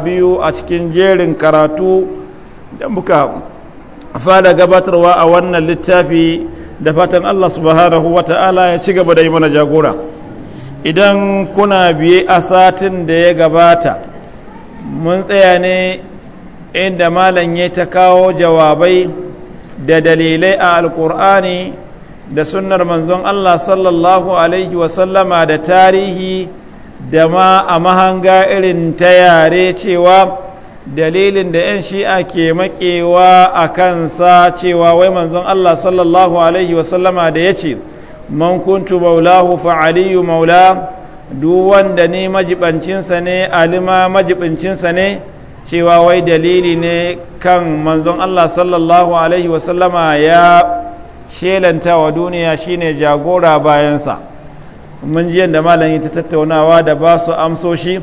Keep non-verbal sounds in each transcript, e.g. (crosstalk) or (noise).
biyu a cikin jerin karatu da muka fada gabatarwa a wannan littafi da fatan Allah subhanahu wa ta'ala ya ci gaba da yi mana jagora idan kuna biye a satin da ya gabata mun tsaya ne inda malam ya ta kawo jawabai da dalilai a alkur'ani da sunnar manzon Allah sallallahu alaihi wasallama da tarihi da ma a mahanga irin ta yare cewa dalilin da 'yan shi'a ke makewa a kansa cewa wai manzon Allah sallallahu Alaihi wasallama da ya ce man kuntu maulahu fa'aliyu maula duk wanda ni majibancinsa ne alima majibancinsa ne cewa wai dalili ne kan manzon Allah sallallahu Alaihi wasallama ya shelanta wa duniya shine jagora bayansa. mun ji yadda malami ta tattaunawa da ba su amsoshi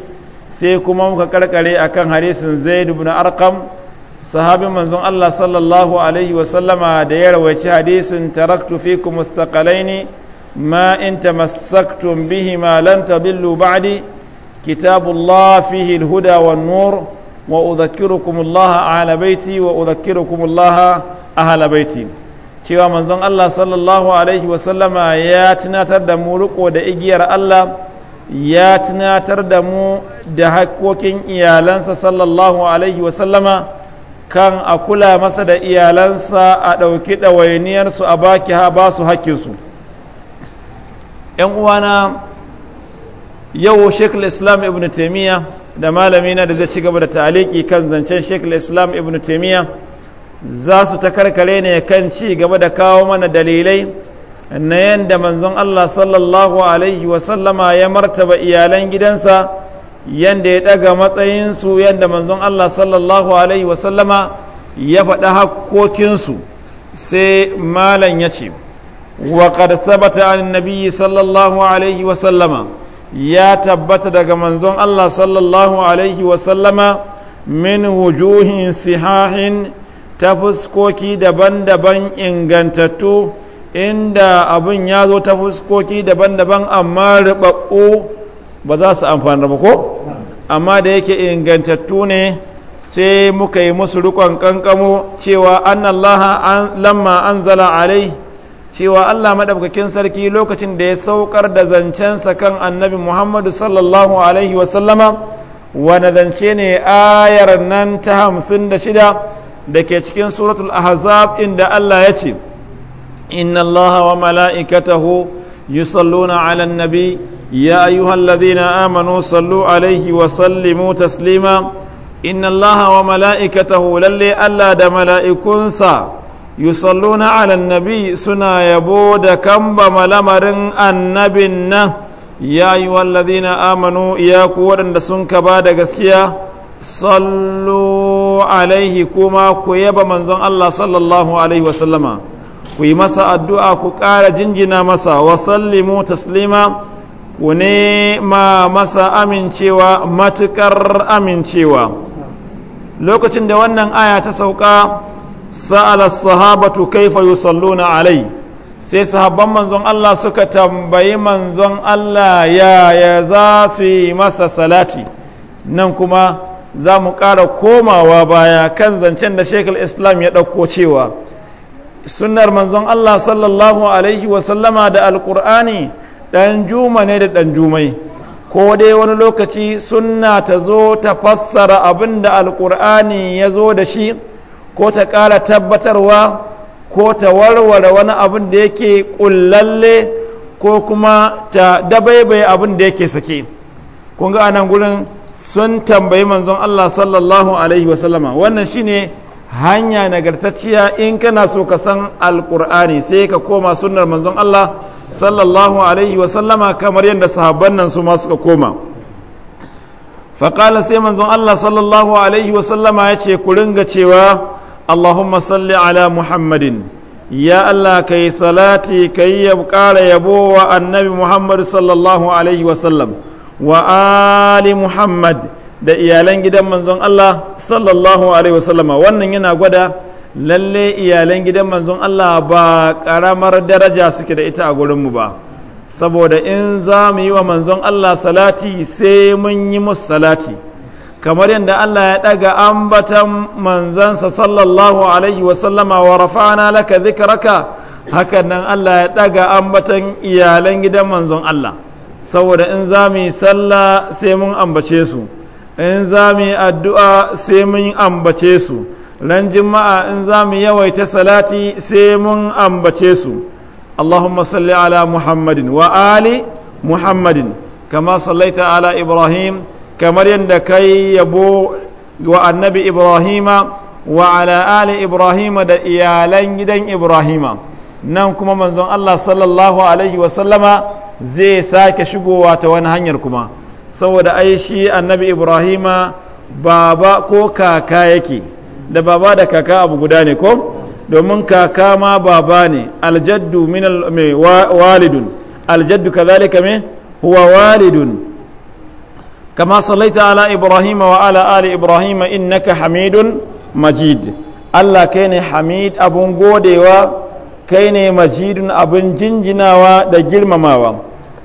sai kuma muka karkare akan hadisin zaid ibn arqam sahabin manzon Allah sallallahu alaihi wa sallama da ya rawaci hadisin taraktu fikum mustaqalaini ma in tamassaktum bihima lan tadillu ba'di kitabullah fihi alhuda wan nur wa udhakkirukum Allah ala baiti wa udhakkirukum Allah ahla baiti cewa manzon Allah sallallahu alaihi wasallama ya tunatar da mu riko da igiyar Allah ya tunatar da mu da hakkokin iyalansa sallallahu alaihi wasallama kan a kula masa da iyalansa a ɗauki ɗawainiyarsu a baki ha ba su hakkinsu ‘yan uwana yau shekul islam ibn taimiyya da malami na da zai ci gaba da taliki kan zancen shekul islam ibn taimiyya za su ta karkare ne kan ci gaba da kawo mana dalilai na yadda manzon Allah sallallahu alaihi wasallama ya martaba iyalan gidansa yadda ya ɗaga matsayinsu yadda manzon Allah sallallahu alaihi wasallama ya faɗa hakkokinsu sai malam ya ce wa qad sabata an nabiyyi sallallahu alaihi wasallama ya tabbata daga manzon Allah sallallahu alaihi wasallama min wujuhin sihahin ta fuskoki daban-daban ingantattu inda abin ya zo ta fuskoki daban-daban amma riɓaɓɓu ba za su amfani ba ko amma da yake ingantattu ne sai muka yi musu rikon kankamo cewa annallaha lamma anzala alai cewa Allah maɗaukakin sarki lokacin da ya saukar da zancensa kan annabi Muhammadu sallallahu alaihi wasallama wane zance ne ayar nan ta hamsin da shida da ke cikin suratul ahzab inda Allah ya ce inna Allah wa mala'ikatahu yusalluna 'alan nabi ya ayyuhalladhina amanu sallu 'alaihi wa sallimu taslima inna Allah wa mala'ikatahu lalle Allah da mala'ikunsa yusalluna 'alan nabi suna yabo da kamba malamarin annabin nan ya ayyuhalladhina amanu ya ku wadanda sun kaba da gaskiya sallu alaihi kuma ku yaba manzon Allah sallallahu alaihi wasallama ku yi masa addu'a ku ƙara jinjina masa wa sallimu taslima ku ne ma masa amincewa matuƙar amincewa lokacin da wannan aya ta sauka sa'ala sahabatu kaifa yusalluna alai sai sahabban manzon Allah suka tambayi manzon Allah yaya za su yi masa salati nan kuma za mu ƙara komawa baya kan zancen da shekul islam ya ɗauko cewa sunnar manzon Allah sallallahu alaihi wasallama da alƙur'ani ɗan juma ne da ɗan jumai ko dai wani lokaci sunna ta zo ta fassara abin da alƙur'ani ya zo da shi ko ta ƙara tabbatarwa ko ta warware wani abin da yake ƙullalle ko kuma ta dabaibaye abin da yake sake kun ga anan gurin sun tambayi manzon Allah sallallahu alaihi wasallama wannan shine hanya nagartacciya in kana so ka san alkur'ani sai ka koma sunnar manzon Allah sallallahu alaihi wasallama kamar yadda sahabban nan su ma ka koma faƙala sai manzon Allah sallallahu alaihi wasallama ya ce ku ringa cewa Allahumma salli ala Muhammadin ya Allah ka yi salati ka yi ƙara yabo wa annabi Muhammad sallallahu alaihi wasallam wa ali muhammad da iyalan gidan manzon Allah sallallahu alaihi wasallama wannan yana gwada lalle iyalan gidan manzon Allah ba karamar daraja suke da ita a gurinmu ba saboda in za mu yi wa manzon Allah salati sai mun yi musu salati kamar yadda Allah ya daga ambatan manzansa sallallahu alaihi wasallama wa rafa'ana laka dhikraka hakan nan Allah ya daga ambatan iyalan gidan manzon Allah saboda in za mu yi sallah sai mun ambace su in za mu yi addu'a sai mun ambace su ran juma'a in za mu yawaita salati sai mun ambace su allahumma salli ala muhammadin wa ali muhammadin kama sallaita ala ibrahim kamar yadda kai yabo wa annabi ibrahima wa ala ali ibrahima da iyalan gidan ibrahima nan kuma manzon allah sallallahu alaihi wasallama zai sake shigowa ta wani hanyar kuma saboda ai shi annabi ibrahima baba ko kaka yake da baba da kaka abu guda ne ko domin kaka ma baba ne aljaddu min walidun aljaddu kazalika me huwa walidun kama sallaita ala ibrahima wa ala ali ibrahima innaka hamidun majid allah kai ne hamid abun godewa kai ne majidun abun jinjinawa da girmamawa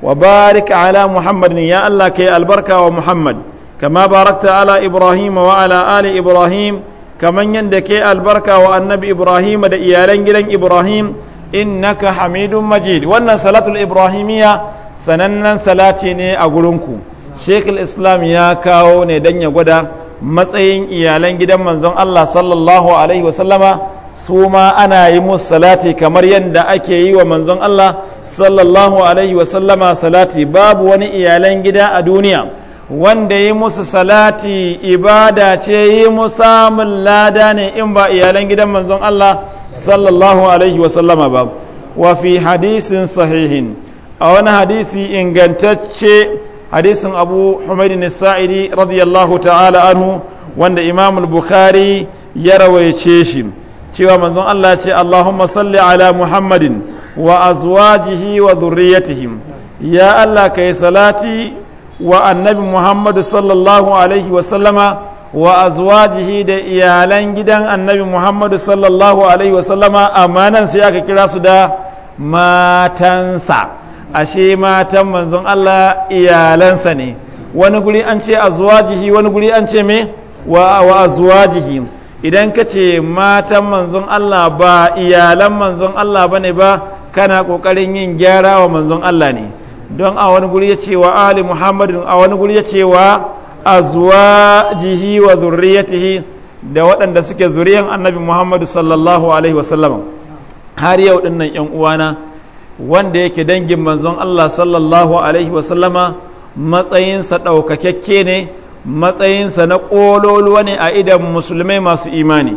wabarika ala muhammad muhammadin ya Allah kai albarka wa muhammad kama barakta ala ibrahim wa ala ali ibrahim kaman yadda kai albarka wa annabi ibrahim da iyalan gidan ibrahim innaka hamidu majid wannan salatul ibrahimiya sanannen salati ne a gurinku shekul islam ya kawo ne dan ya gwada matsayin iyalan gidan manzon allah sallallahu alaihi wasallama su ma ana yi mun salati kamar yadda ake yi wa manzon allah sallallahu alaihi wasallama salati babu wani iyalan gida a duniya wanda yi musu salati ibada ce yi musamun lada ne in ba iyalan gidan manzon Allah sallallahu alaihi wasallama ba wa fi hadisin sahihin a wani hadisi ingantacce hadisin abu humaydin sa'idi radiyallahu ta'ala anhu wanda imamul bukhari ya rawaice shi cewa manzon Allah ce Allahumma salli ala muhammadin wa azwajihi wa dhurriyyatihim ya Allah kai salati wa annabi Muhammad sallallahu alaihi wa sallama wa azwajihi da iyalan gidan annabi Muhammad sallallahu alaihi wa sallama amanan sai aka kira su da matansa ashe matan manzon Allah iyalansa ne wani guri an ce azwajihi wani guri an ce me wa, wa azwajihi idan ka ce matan manzon Allah ba iyalan manzon Allah bane ba kana kokarin yin gyara wa manzon Allah ne don a wani guri ya ce wa ali muhammadin a wani guri ya ce wa jihi wa zurriyatihi da waɗanda suke zuriyan annabi muhammadu sallallahu alaihi wasallam har yau din nan yan uwana wanda yake dangin manzon Allah sallallahu alaihi wasallama matsayinsa ɗaukakakke ne matsayinsa na ƙololuwa ne a idan musulmai masu imani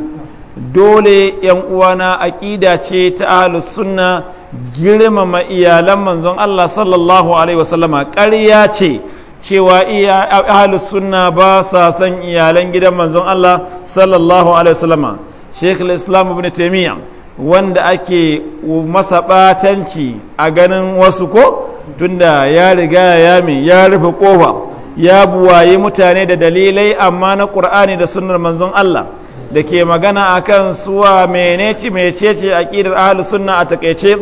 dole yan uwana aƙida ce ta ahlus sunna girmama iyalan manzon Allah sallallahu alaihi wasallama ƙarya ce cewa iya sunna ba sa son iyalan gidan manzon Allah sallallahu alaihi wasallama Sheikh Islam Ibn wanda ake masa batanci a ganin wasu ko tunda ya riga ya min ya rufe kofa ya buwaye mutane da dalilai amma na ƙur'ani da sunnar manzon Allah da ke magana akan suwa meneci mecece aqidar ahlus sunna a takeice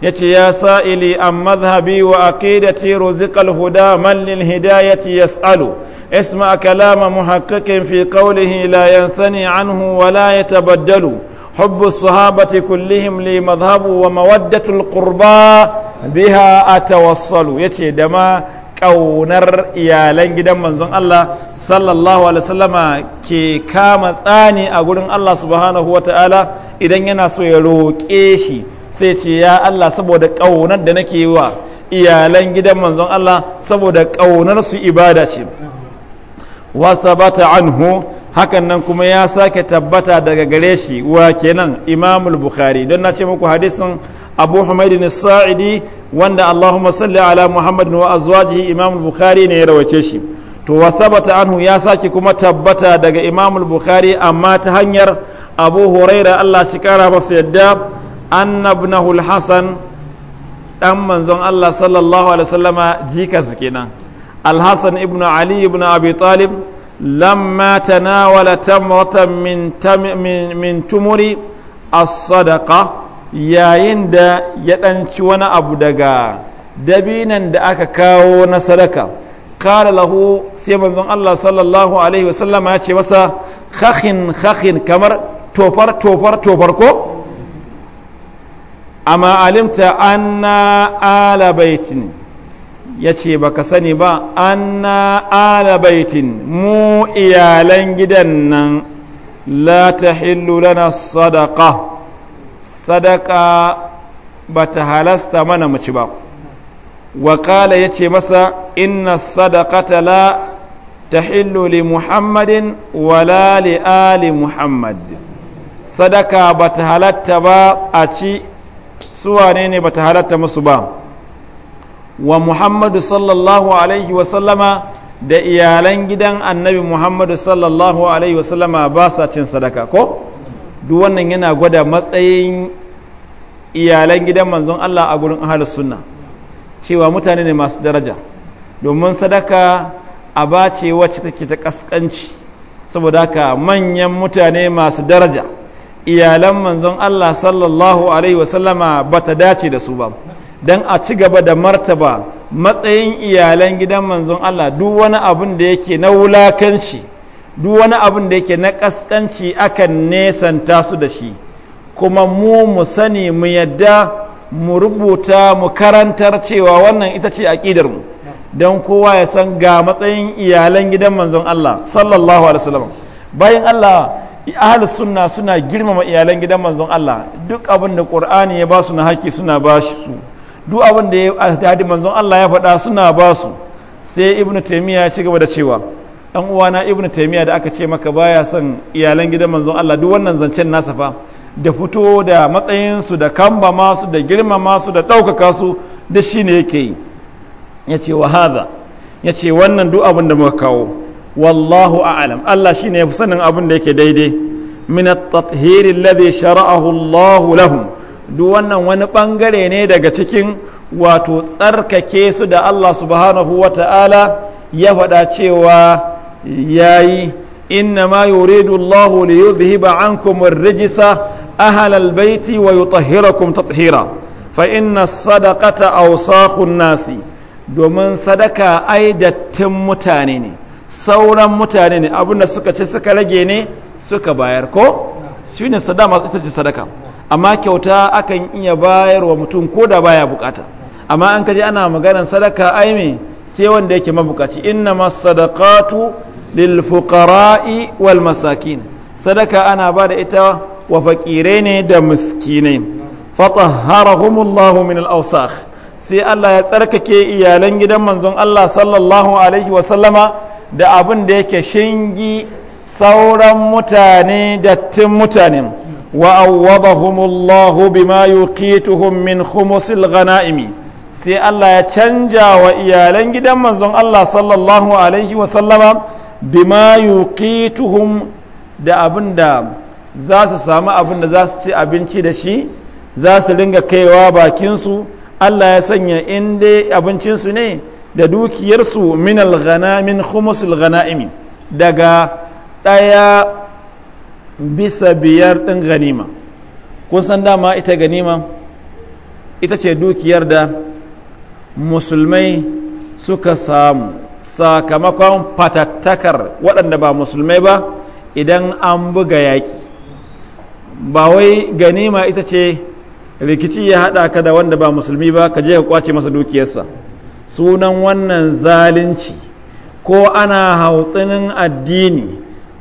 yace ya sa'ili an mazhabi wa aqidati ruzikal huda mallin hidayati yas'alu اسمع كلام محقق في قوله لا ينثني عنه ولا يتبدل حب الصحابة كلهم لي مذهب ومودة القربى بها أتوصل يتي دما ƙaunar iyalan gidan manzon Allah sallallahu alaihi wasallama ke kama tsani a gurin Allah subhanahu ta'ala idan yana so ya roƙe shi sai ce ya Allah saboda ƙaunar da nake wa iyalan gidan manzon Allah saboda ƙaunar su ibada ce bata anhu hakan nan kuma ya sake tabbata daga gare shi wa kenan imamul bukhari don na ce muku hadisin abu hamaidin sa'idi wanda allahumma salli ala muhammadin wa azwajihi imamul bukhari ne ya rawace shi to wasabata anhu ya sake kuma tabbata daga imamul bukhari amma ta hanyar abu huraira allah shi kara masa yadda annabnahu alhasan dan manzon allah sallallahu alaihi wasallama jikas kenan alhasan ibnu ali ibnu abi talib lamma tanawala tamratan min min, tumuri as-sadaqa yayin da ya ɗanci wani abu daga dabinan da aka kawo na sadaka kala lahu sai manzon Allah sallallahu alaihi wasallam ya ce masa khakhin khakhin kamar tofar tofar tofar ko amma alimta anna ala baitin ya ce ba ka sani ba anna ala baitin mu iyalan gidan nan la ta lana sadaka sadaka ba ta halasta mana mace ba wa kala ya ce masa inna sadakata la tahillu li muhammadin wala li ali muhammad sadaka bata halatta ba a ci suwane ne bata halatta musu ba wa muhammadu sallallahu alaihi da iyalan gidan annabi muhammadu sallallahu alaihi wasallama ba sa cin sadaka ko duk wannan yana gwada matsayin iyalan gidan manzon Allah a gurin ahalus sunna cewa mutane ne masu daraja domin sadaka aba ce wacce take ta kaskanci saboda haka manyan mutane masu daraja iyalan manzon Allah sallallahu alaihi wasallama ba ta dace da su ba dan a ci gaba da martaba matsayin iyalan gidan manzon Allah duk wani abun da yake na wulakanci duk wani abin da yake na kaskanci akan nesanta su da shi kuma mu mu sani mu yadda mu rubuta mu karantar cewa wannan ita ce aƙidarmu mu don kowa ya san ga matsayin iyalan gidan manzon Allah sallallahu alaihi wasallam bayan Allah ahli sunna suna girmama iyalan gidan manzon Allah duk abin da Qur'ani ya ba su na haƙƙi suna ba su duk abin da ya hadi manzon Allah ya faɗa suna ba su sai Ibn taymiya ya ci gaba da cewa dan uwana Ibn taymiya da aka ce maka baya son iyalan gidan manzon Allah duk wannan zancen nasa fa da fito da matsayin su da kamba masu da girmama su da ɗaukaka su duk shine yake yi ya ce wa haza ya ce wannan duk abin da muka kawo wallahu a'lam Allah shi ne ya fi sanin abin da yake daidai min at-tathhiri alladhi shara'ahu Allah lahum duk wannan wani bangare ne daga cikin wato tsarkake su da Allah subhanahu wa ta'ala ya faɗa cewa yayi إنما يريد الله ليذهب عنكم الرجس أهل البيت ويطهركم تطهيرا فإن الصدقة أوساخ الناس domin sadaka ai dattin mutane ne sauran mutane ne abinda suka ce suka rage ne suka bayar ko shi ne sadama ita ce sadaka amma kyauta akan iya bayar wa mutum ko da baya bukata amma an kaji ana maganar sadaka ai me sai wanda yake mabukaci inna masadaqatu lil fuqara'i wal masakin sadaka ana ba da ita wa faƙirai ne da miskinai fatahharahumullahu min al-awsakh sai Allah ya tsarkake iyalan gidan manzon Allah sallallahu alaihi wasallama da abin da yake shingi sauran mutane dattin mutane wa awwadahumullahu bima yuqituhum min khumusil ghanaimi sai Allah ya canja wa iyalan gidan manzon Allah sallallahu alaihi wasallama bima yuqituhum da abin da za su samu abin da za su ci abinci da shi za su ringa kaiwa bakinsu Allah ya sanya inda abincinsu ne da dukiyarsu min al-ghanamin khumusul daga ɗaya bisa biyar ɗin ganima kun san dama ita ganima ita ce dukiyar da musulmai suka samu sakamakon fatattakar waɗanda ba musulmai ba idan an buga yaƙi ba wai ganima ita ce rikici ya haɗa ka da wanda ba musulmi ba ka je ka kwace masa dukiyarsa sunan wannan zalunci ko ana hautsinin addini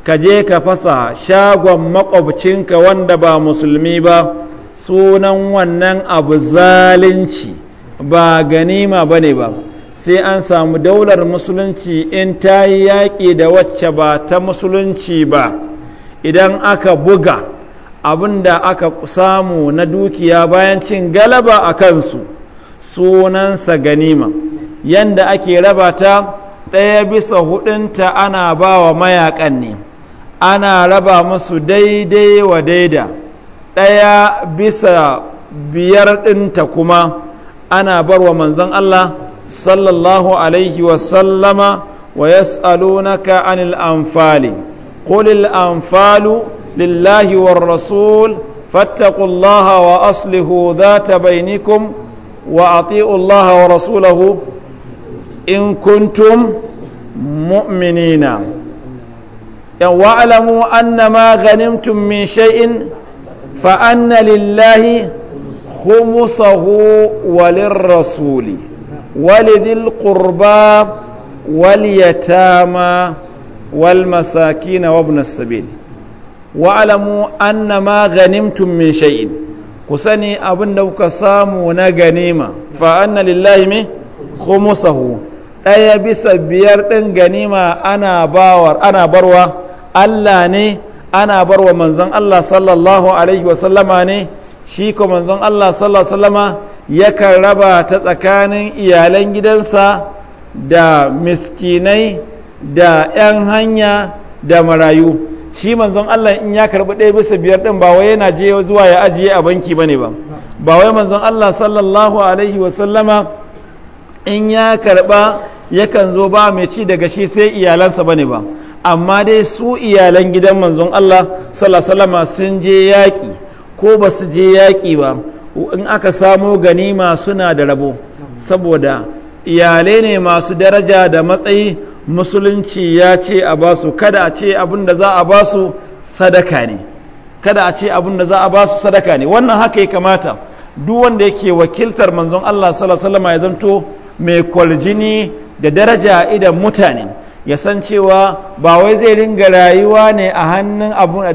ka je ka fasa shagon makwabcinka wanda ba musulmi ba sunan wannan abu zalunci ba ganima ba ne ba sai an samu daular musulunci in ta yi yaƙi da wacce ba ta musulunci ba idan aka buga abin da aka samu na dukiya bayan cin galaba a kansu sunansa ganima yanda ake raba ta ɗaya bisa hudunta ana ba wa mayakan ne ana raba musu daidai wa daida ɗaya bisa biyar ɗinta kuma ana bar wa manzan Allah sallallahu alaihi wasallama wa yas'alunaka anil anfali qulil anfalu لله والرسول فاتقوا الله وأصلحوا ذات بينكم وأطيعوا الله ورسوله إن كنتم مؤمنين يعني واعلموا أن ما غنمتم من شيء فأن لله خمسه وللرسول ولذي القربى واليتامى والمساكين وابن السبيل wa'alamu anna ma ganimtum min shay'in ku sani abin da kuka samu na ganima fa anna lillahi min khumsahu ɗaya bisa biyar ɗin ganima ana bawar ana barwa Allah ne ana barwa manzon Allah sallallahu alaihi wa sallama ne shi ko manzon Allah sallallahu alaihi sallama yakan raba ta tsakanin iyalan gidansa da miskinai da 'yan hanya da marayu shi manzon Allah in ya karbi ɗaya bisa biyar ɗin ba wai yana je zuwa ya ajiye a banki bane ba ba wai manzon Allah sallallahu alaihi wa sallama in ya karba yakan zo ba mai ci daga shi sai iyalansa bane ba amma dai su iyalan gidan manzon Allah sallallahu alaihi wa sun je yaƙi ko ba su je yaƙi ba in aka samo ganima suna da rabo saboda iyalai ne masu daraja da matsayi musulunci ya ce a basu kada a ce abin da za a basu sadaka ne kada a ce abin da za a basu sadaka ne wannan haka ya kamata duk wanda yake wakiltar manzon Allah sallallahu alaihi ya zanto mai kwaljini da daraja idan mutane ya san cewa ba wai zai ringa rayuwa ne a hannun abun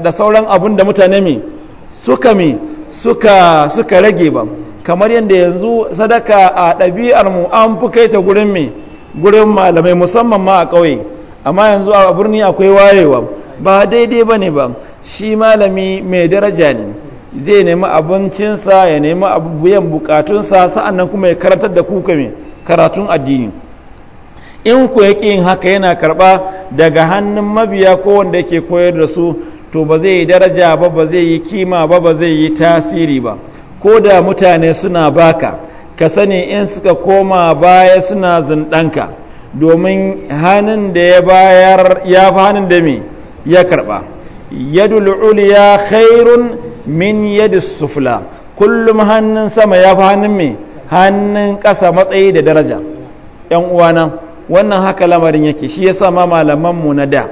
da sauran abun da mutane mi suka mi suka suka rage ba kamar yadda yanzu sadaka a ɗabi'ar mu an fi kai ta gurin mi gurin malamai musamman ma a ƙauye amma yanzu a birni akwai wayewa ba daidai ba ne ba shi malami mai daraja ne zai nemi abincinsa ya nemi abubuwan bukatunsa sa'annan kuma ya karantar da kuka mai karatun addini in ku yake yin haka yana karba daga hannun mabiya ko wanda yake koyar da su to ba zai yi daraja ba ba zai yi kima ba ba zai yi tasiri ba ko da mutane suna baka ka sani in suka koma baya suna zindanka domin hannun da ya bayar ya fi hannun da mai ya karba yadda yadul ya khairun min yadda sufla kullum hannun sama ya fi hannun mai hannun ƙasa matsayi da daraja yan uwana wannan haka lamarin yake shi yasa ma malaman mu na da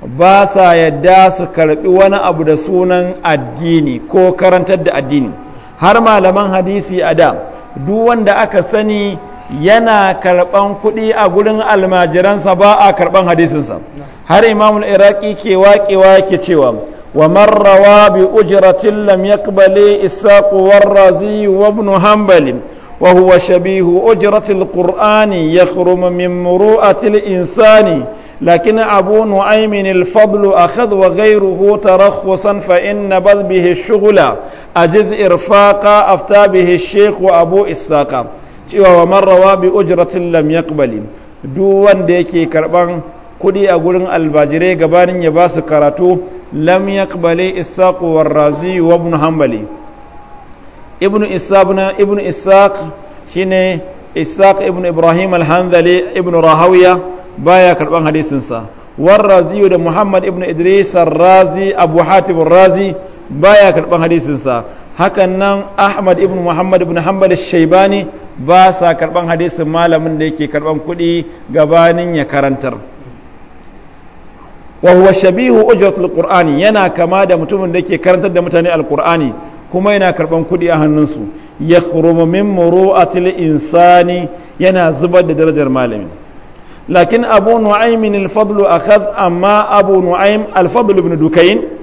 ba sa yadda su karbi wani abu da sunan addini ko karantar da addini har malaman hadisi a da duk wanda aka sani yana karɓan kuɗi a gurin almajiransa ba a karɓan hadisinsa har imamul iraki ke waƙewa ke cewa wa marrawa bi ujratin lam yaqbali isaq warrazi wa ibn hanbal wa huwa shabihu ujratil qur'ani yakhrum min muru'atil insani لكن أبو نعيم الفضل أخذ وغيره ترخصا فإن بذ الشغل ajiz irfaqa afta bihi sheikh wa abu isaka cewa wa marrawa bi ujratin lam duk wanda yake karban kuɗi a gurin albajirai gabanin ya basu karatu lam yaqbali isaq wa razi wa ibn hanbali ibn isabna ibn isaq shine isaq ibn ibrahim al-hanzali ibn rahawiya baya karban hadisin sa da muhammad ibn idris ar-razi abu hatim ar-razi baya karban hadisinsa hakan nan ahmad ibn muhammad ibn hanbal shaibani ba sa karban hadisin malamin da yake karban kuɗi gabanin ya karantar wa huwa shabihu ujratul qur'ani yana kama da mutumin da yake karantar da mutane alqur'ani kuma yana karban kuɗi a hannunsu yakhrumu min muru'atil insani yana zubar da darajar malami lakin abu nu'aym al-fadl akhadh amma abu nu'aym al-fadl ibn dukayn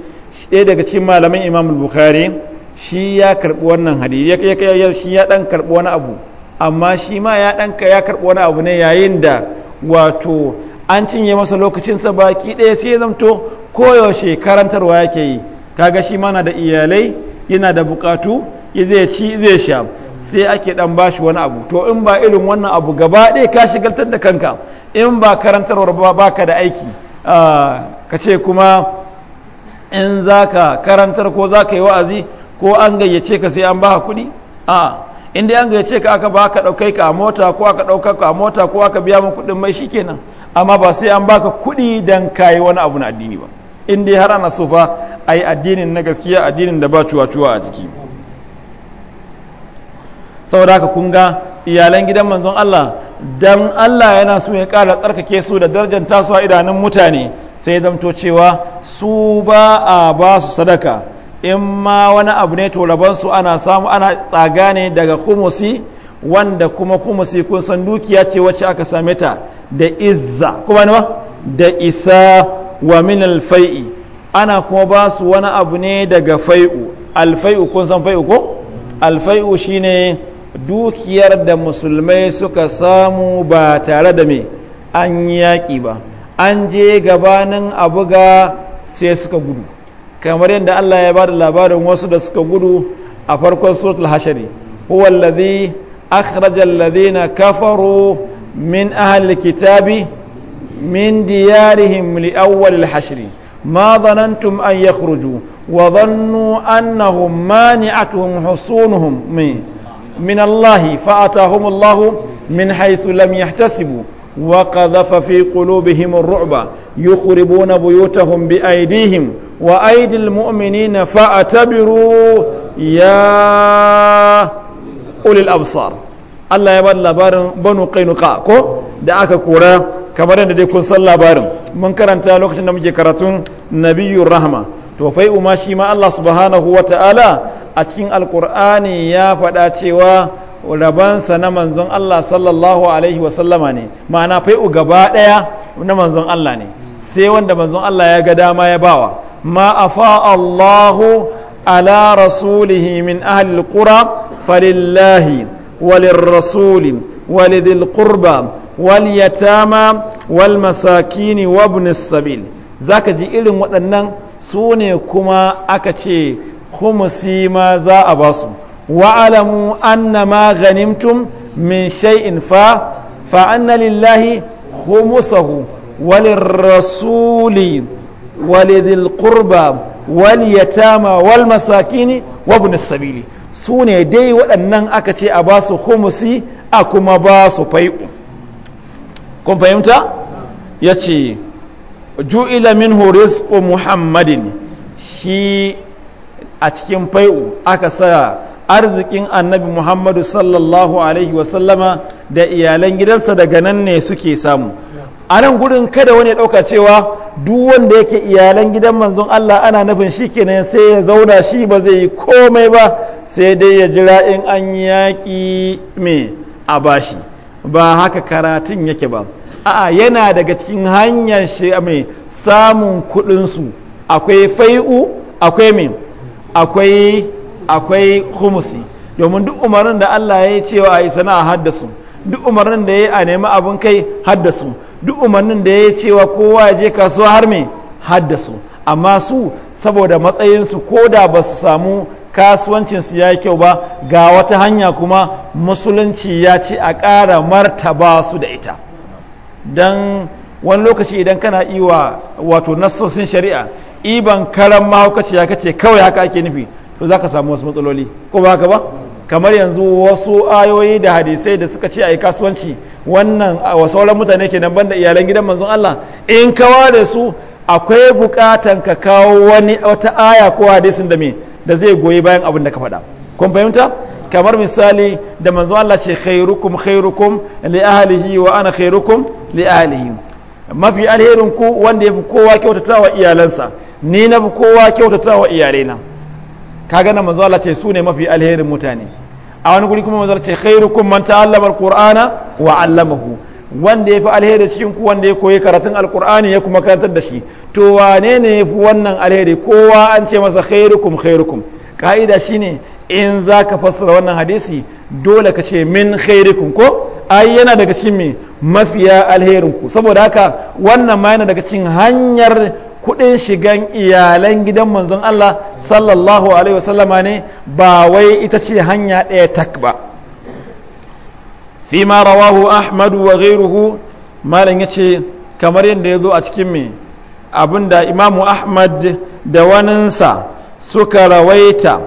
ɗaya daga cikin malaman imam bukhari shi ya karɓi wannan hadisi shi ya ɗan karɓi wani abu amma shi ma ya ɗan ya karɓi wani abu ne yayin da wato an cinye masa lokacinsa baki ɗaya sai ya zamto koyaushe karantarwa yake yi kaga shi ma na da iyalai yana da bukatu zai ci zai sha sai ake dan bashi wani abu to in ba irin wannan abu gaba ɗaya ka shigaltar da kanka in ba karantarwar ba baka da aiki ah, ka ce kuma in za ka karantar ko za ka yi wa'azi ko an gayyace ka sai an ba kuɗi a inda an gayyace ka aka ba ka ɗaukai ka a mota ko aka ɗauka ka a mota ko aka biya ma kuɗin mai shi kenan amma ba sai an baka kuɗi don ka yi wani abu na addini ba in dai har ana so fa a yi addinin na gaskiya addinin da ba cuwa-cuwa a jiki saboda haka kun iyalan gidan manzon Allah dan Allah yana so ya ƙara tsarkake su da darajar tasuwa idanun mutane sai zamto cewa su ba a ba su sadaka in ma wani abu ne to ana samu ana tsaga ne daga kumusi wanda kuma kumusi kun san dukiya ce wacce aka same ta da izza kuma ne ba da isa wa min alfai'i ana kuma ba su wani abu ne daga fai'u alfai'u kun san fai'u ko alfai'u shine dukiyar da musulmai suka samu ba tare da me an yaƙi ba an je gabanin a buga sai suka gudu kamar yadda Allah ya bada labarin wasu da suka gudu a farkon suratul hashari huwallazi allazi akhraja kafaru min ahli kitabi min diyarihim li awwal al-hashr ma dhanantum an yakhruju wa dhannu annahum mani'atuhum husunuhum min min Allah fa atahum min haythu lam yahtasibu وقذف في قلوبهم الرعب aidihim wa بأيديهم وأيدي المؤمنين فأتبروا يا أولي الأبصار Allah ya bada labarin banu kainuka ko da aka kora kamar yadda dai kun san labarin mun karanta lokacin da muke karatun nabiyyu rahma to fai uma shi ma Allah subhanahu wa ta'ala a cikin alkur'ani ya faɗa cewa rabansa na manzon Allah sallallahu alaihi wasallama ne ma'ana fai'u gaba ɗaya na manzon Allah ne sai wanda manzon Allah ya ga dama ya bawa ma afa Allahu ala rasulihi min ahli alqura falillahi walirrasuli walidil qurba wal yatama wal masakin wa ibn sabil zaka ji irin waɗannan su ne kuma aka ce humusi ma za a basu Wa'ularmu an nama ganimtun mun sha'in fa'an na lillahi humusar walin rasuli waludin kurban wani ya tama waluma sakin wabin sabinli. Su ne dai waɗannan aka ce a basu humusi a kuma basu fai'u. Kun fahimta? ya ce ju ila horis ko muhammadin shi a cikin fai'u aka sa arzikin annabi muhammadu sallallahu alaihi wasallama da iyalan gidansa daga nan ne suke samu a nan gudun kada wani ya ɗauka cewa duk wanda yake iyalan gidan manzon Allah ana nufin shi kenan sai ya zauna shi ba zai yi komai ba sai dai ya jira in an yaƙi me a bashi ba haka karatun yake ba a'a yana daga cikin hanyar shi mai samun kuɗinsu akwai fai'u akwai me akwai akwai humusi domin duk umarnin da Allah ya yi cewa a yi sana'a haddasu duk umarnin da ya yi a nemi abin kai haddasu duk umarnin da ya yi cewa kowa ya je kasuwa har me haddasu amma su saboda matsayinsu ko da ba su samu kasuwancinsu ya yi kyau ba ga wata hanya kuma musulunci ya ci a ƙara martaba su da ita don wani lokaci idan kana iwa wato nassosin shari'a iban karan mahaukaci ya kace kawai haka ake nufi to za ka samu wasu matsaloli ko ba ka ba kamar yanzu wasu ayoyi da hadisai da suka ce a yi kasuwanci wannan a sauran mutane ke kenan banda iyalan gidan manzon Allah in kawa da su akwai bukatan ka kawo wani wata aya ko hadisin da me da zai goyi bayan abin da ka faɗa kun fahimta kamar misali da manzon Allah ce khairukum khairukum li ahlihi wa ana khairukum li ahlihi mafi alherin ku wanda fi kowa kyautatawa iyalansa ni na fi kowa kyautatawa iyalena Ka gana manzo ce su ne mafi alherin mutane a wani guri kuma manzo Allah ce khairukum man ta'allama alqur'ana wa 'allamahu wanda ya fi alheri cikin ku wanda ya koyi karatun alkur'ani ya kuma karantar da shi to wane ne ya fi wannan alheri kowa an ce masa khairukum khairukum ka'ida shine in za ka fassara wannan hadisi dole ka ce min khairukum ko ai yana daga cikin mafiya alherin ku saboda haka wannan ma yana daga cikin hanyar kudin shigan iyalan gidan manzon Allah sallallahu alaihi wasallama ne ba wai ita ce hanya ɗaya tak ba fima rawahu ahmadu wa ghairuhu malam yace kamar yadda ya zo a cikin me abinda imamu ahmad da waninsa suka rawaita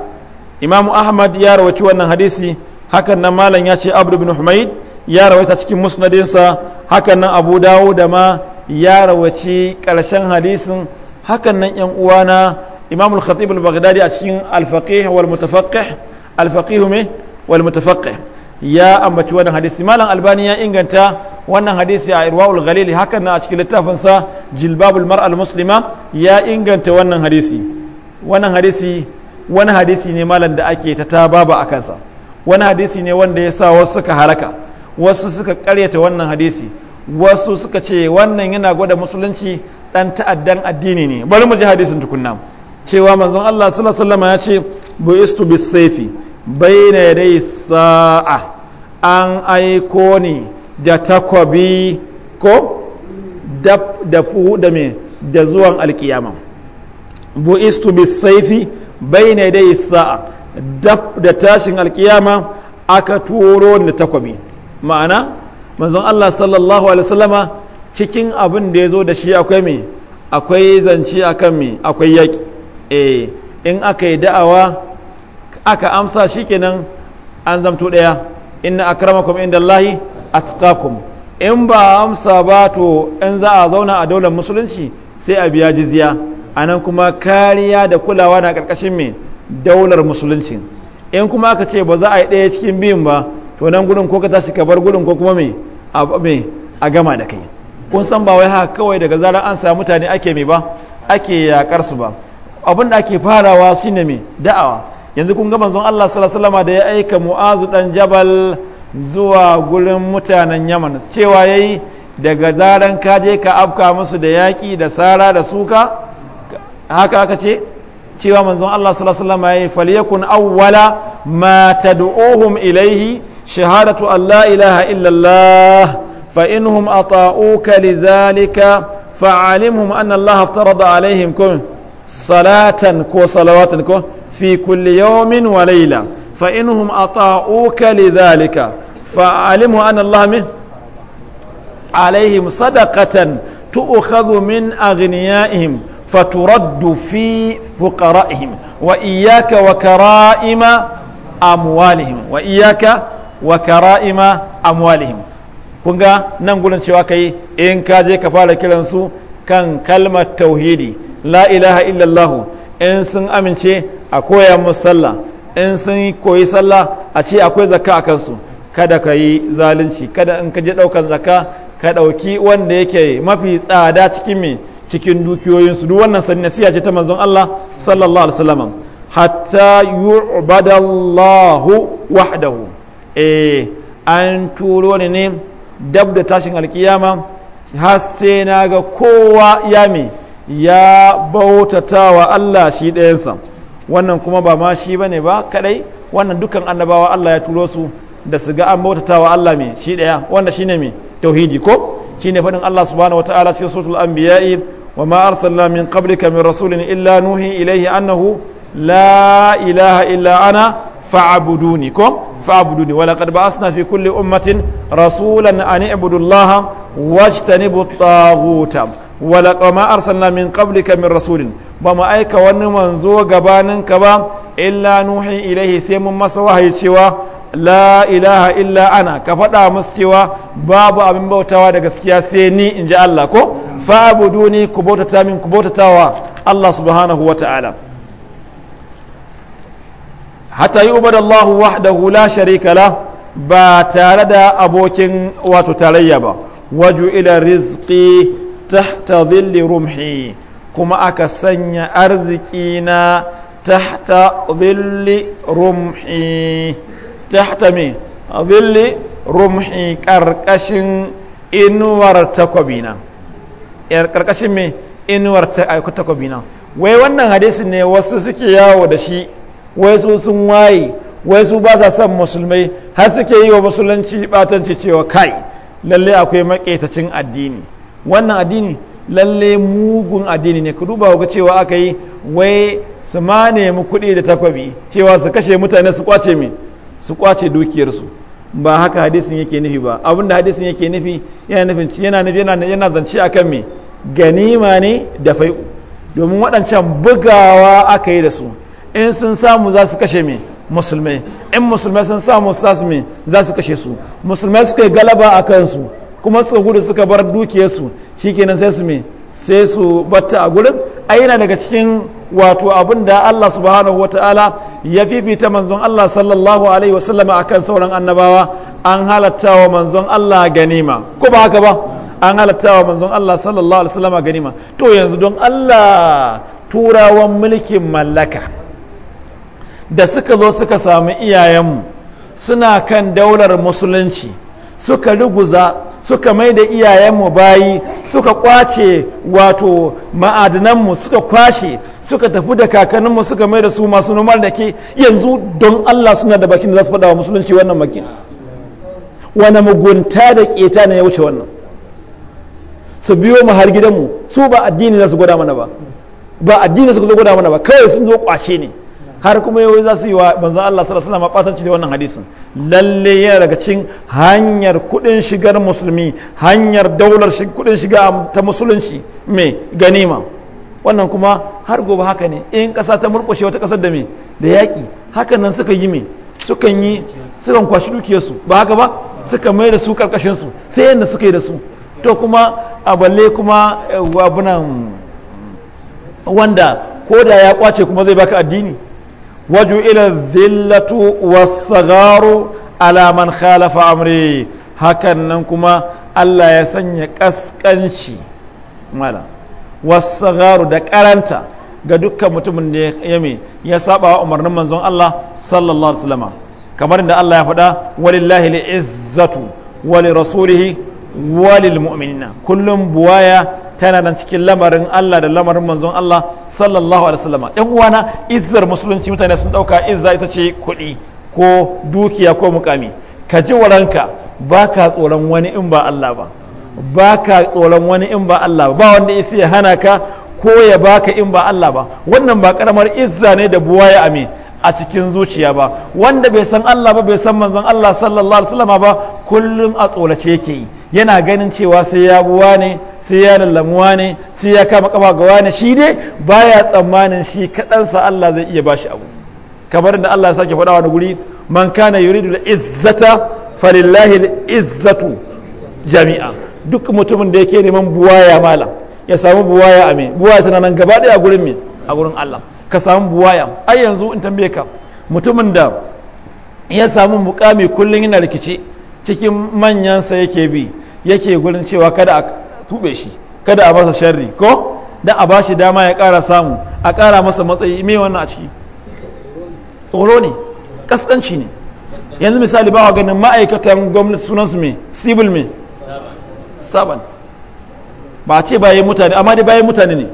imamu ahmad ya rawaci wannan hadisi hakan nan malam ya ce abdu bin humaid ya rawaita cikin musnadinsa hakan nan abu dawo da ma ya rawaci ƙarshen hadisin hakan nan yan uwana imam al-khatib al-baghdadi a cikin al-faqih wal mutafaqqih al-faqih me wal mutafaqqih ya ambaci wannan hadisi malam albani ya inganta wannan hadisi a irwaul ghalili hakan na a cikin littafin sa jilbabul mar'al muslima ya inganta wannan hadisi wannan hadisi wani hadisi ne malam da ake ta ta tababa a kansa wani hadisi ne wanda ya sa wasu suka haraka, wasu suka karyata wannan hadisi wasu suka ce wannan yana gwada musulunci dan ta'addan addini ne bari mu ji hadisin tukunna cewa manzon Allah sallallahu alaihi wasallam ya ce Bu bis bisayfi baina yaday sa'a an aiko ni da takwabi ko da da da me da zuwan alkiyama bis bisayfi baina yaday sa'a da da tashin alkiyama aka turo da takwabi ma'ana manzon Allah sallallahu alaihi wasallama cikin abin da ya zo da shi akwai me akwai zance akan me akwai yaƙi eh in aka yi da'awa aka amsa shi kenan an zamto ɗaya inna akramakum indallahi atqakum in ba amsa ba to in za a zauna a daular musulunci sai a biya jizya anan kuma kariya da kulawa na karkashin mai daular musulunci in kuma aka ce ba za a yi ɗaya cikin biyun ba to nan gudun ko ka tashi ka bar gudun ko kuma me a gama da kai kun san ba wai haka kawai daga zarar an samu mutane ake mai ba ake yakar su ba abin da ake farawa shine mai da'awa yanzu kun ga manzon Allah sallallahu da ya aika Mu'azu dan Jabal zuwa gurin mutanen Yaman cewa yayi daga zarar ka je ka afka musu da yaki da sara da suka haka aka ce cewa manzon Allah sallallahu alaihi wasallam yayi falyakun awwala ma tad'uhum ilaihi شهادة أن لا إله إلا الله فإنهم أطاؤوك لذلك فعلمهم أن الله افترض عليهم كن صلاة كو صلوات كو في كل يوم وليلة فإنهم أطاؤوك لذلك فعلموا أن الله من عليهم صدقة تؤخذ من أغنيائهم فترد في فقرائهم وإياك وكرائم أموالهم وإياك wa kara'ima amwalihim kun ga nan gurin cewa kai in ka je ka fara kiran su kan kalmar tauhidi la ilaha illallah in sun amince a koya musalla. sallah in sun koyi sallah a ce akwai zakka a kansu kada ka yi zalunci kada in ka je daukan zakka ka dauki wanda yake mafi tsada cikin me cikin dukiyoyinsu duk wannan siya ce ta manzon Allah sallallahu alaihi wasallam hatta yu'badallahu wahdahu Eh, an turo ni ne dab da tashin alkiyama har sai na ga kowa ya me ya bautata wa Allah shi ɗayansa wannan kuma ba ma shi ne ba kadai wannan dukkan annabawa Allah ya turo su da su ga an bautata wa Allah mai shi ɗaya wanda shine mai tauhidi ko shine fadin Allah subhanahu cikin suratul anbiya'i wa ma arsalna min qablika min rasulin illa nuhi ilaihi annahu la ilaha illa ana fa'abuduni ko fa'abuduni wa laqad ba'asna fi kulle ummatin rasulan an i'budu allaha wajtanibu at-taghuta wala laqad ma min kabli min rasulin ba mu aika wani manzo gabanin ka ba illa nuhi ilaihi sai mun masa wahayi cewa la ilaha illa ana ka faɗa musu cewa babu abin bautawa da gaskiya sai ni in ji Allah ko fa'abuduni ku bautata min ku Allah subhanahu wa ta'ala hatta yi ubar Allah wahdahu hula sharika la ba tare da abokin wato tarayya ba waju ila rizqi tahta dhilli rumhi kuma aka sanya arziki na tahta dhilli rumhi tahta me dhilli rumhi karkashin inuwar takwabina karkashin me inuwar takwabina wai wannan hadisi ne wasu suke yawo da shi wai su sun waye wai su ba sa son musulmai har suke yi wa musulunci batanci cewa kai lalle akwai maƙetacin addini wannan addini lalle mugun addini ne ku duba ga cewa aka yi wai su ma nemi kuɗi da takwabi cewa su kashe mutane su kwace su kwace dukiyarsu ba haka hadisin yake nufi ba abinda hadisin yake nufi yana nufin yana nufi yana zance zance akan mai ganima ne da fai'u domin waɗancan bugawa aka yi da su in sun samu za su kashe musulmai in musulmai sun samu za su za su kashe su musulmai suka yi galaba a kansu kuma suka gudu suka bar dukiyarsu kenan sai su me sai su batta a gurin ai yana daga cikin wato abin da Allah subhanahu wataala ya fifita manzon Allah sallallahu alaihi wasallama akan sauran annabawa an halatta wa manzon Allah ganima ko ba haka ba an halatta wa manzon Allah sallallahu alaihi wasallama ganima to yanzu don Allah turawan mulkin mallaka da suka zo suka samu iyayenmu suna kan daular musulunci suka ruguza suka mai da iyayenmu bayi suka kwace wato ma'adananmu suka kwashe suka tafi da kakanninmu suka mai da su masu numar da ke yanzu don Allah suna da bakin da za su faɗa wa musulunci wannan makin wani mugunta da keta ne ya wuce wannan su biyo mu har gidanmu su ba addini za su gwada mana ba ba addini su gwada mana ba kawai sun zo kwace ne har kuma yau za su yi wa banzan Allah sallallahu alaihi wasallam da wannan hadisin lalle yana daga cikin hanyar kudin shigar musulmi hanyar daular kudin shiga ta musulunci me ganima wannan kuma har gobe haka ne in kasa ta murkushe wata kasar da me da yaki hakan nan suka yi me sukan yi sukan kwashi dukiyarsu ba haka ba suka mai da su karkashin su sai yadda suka yi da su to kuma a balle kuma eh, abunan wanda ko da ya kwace kuma zai baka addini وجعل الذلة والصغار alaman khalafa amri hakan nan kuma Allah ya sanya kaskanci mala wasu da karanta ga dukkan mutumin da ya me ya saba wa umarnin manzon Allah sallallahu alaihi wasallam kamar da Allah ya faɗa walillahi li'izzatu wali rasulihi walil mu'minina kullum buwaya tana nan cikin lamarin Allah da lamarin manzon Allah sallallahu alaihi wasallama yan uwana izzar musulunci mutane sun dauka izza ita ce kuɗi ko dukiya ko mukami ka ji waranka ba ka tsoron wani in ba Allah ba ba ka tsoron wani in ba Allah ba ba wanda isi ya hana ka ko ya baka in ba Allah ba wannan ba karamar izza ne da buwaya ame a cikin zuciya ba wanda bai san Allah ba bai san manzon Allah sallallahu alaihi wasallama ba kullum a tsorace yake yana ganin cewa sai ya buwa ne sai ya lallamuwa ne sai ya kama kafa ga wani shi dai baya tsammanin shi kaɗansa Allah zai iya bashi abu kamar da Allah ya sake faɗa wani guri man kana yuridu izzata falillahi izzatu jami'a duk mutumin da yake neman buwaya malam ya samu buwaya a me buwaya tana nan gaba ɗaya a gurin me a gurin Allah ka samu buwaya ai yanzu in tambaye ka mutumin da ya samu mukami kullum yana rikici cikin manyansa yake bi yake gurin cewa kada tube shi kada a masa sharri ko dan a bashi dama ya kara samu a kara masa matsayi me wannan a ciki tsoro ne kaskanci ne yanzu misali ba ganin ma'aikatan gwamnati sunansu me civil me servant ba a ce bayan mutane amma dai bayan mutane ne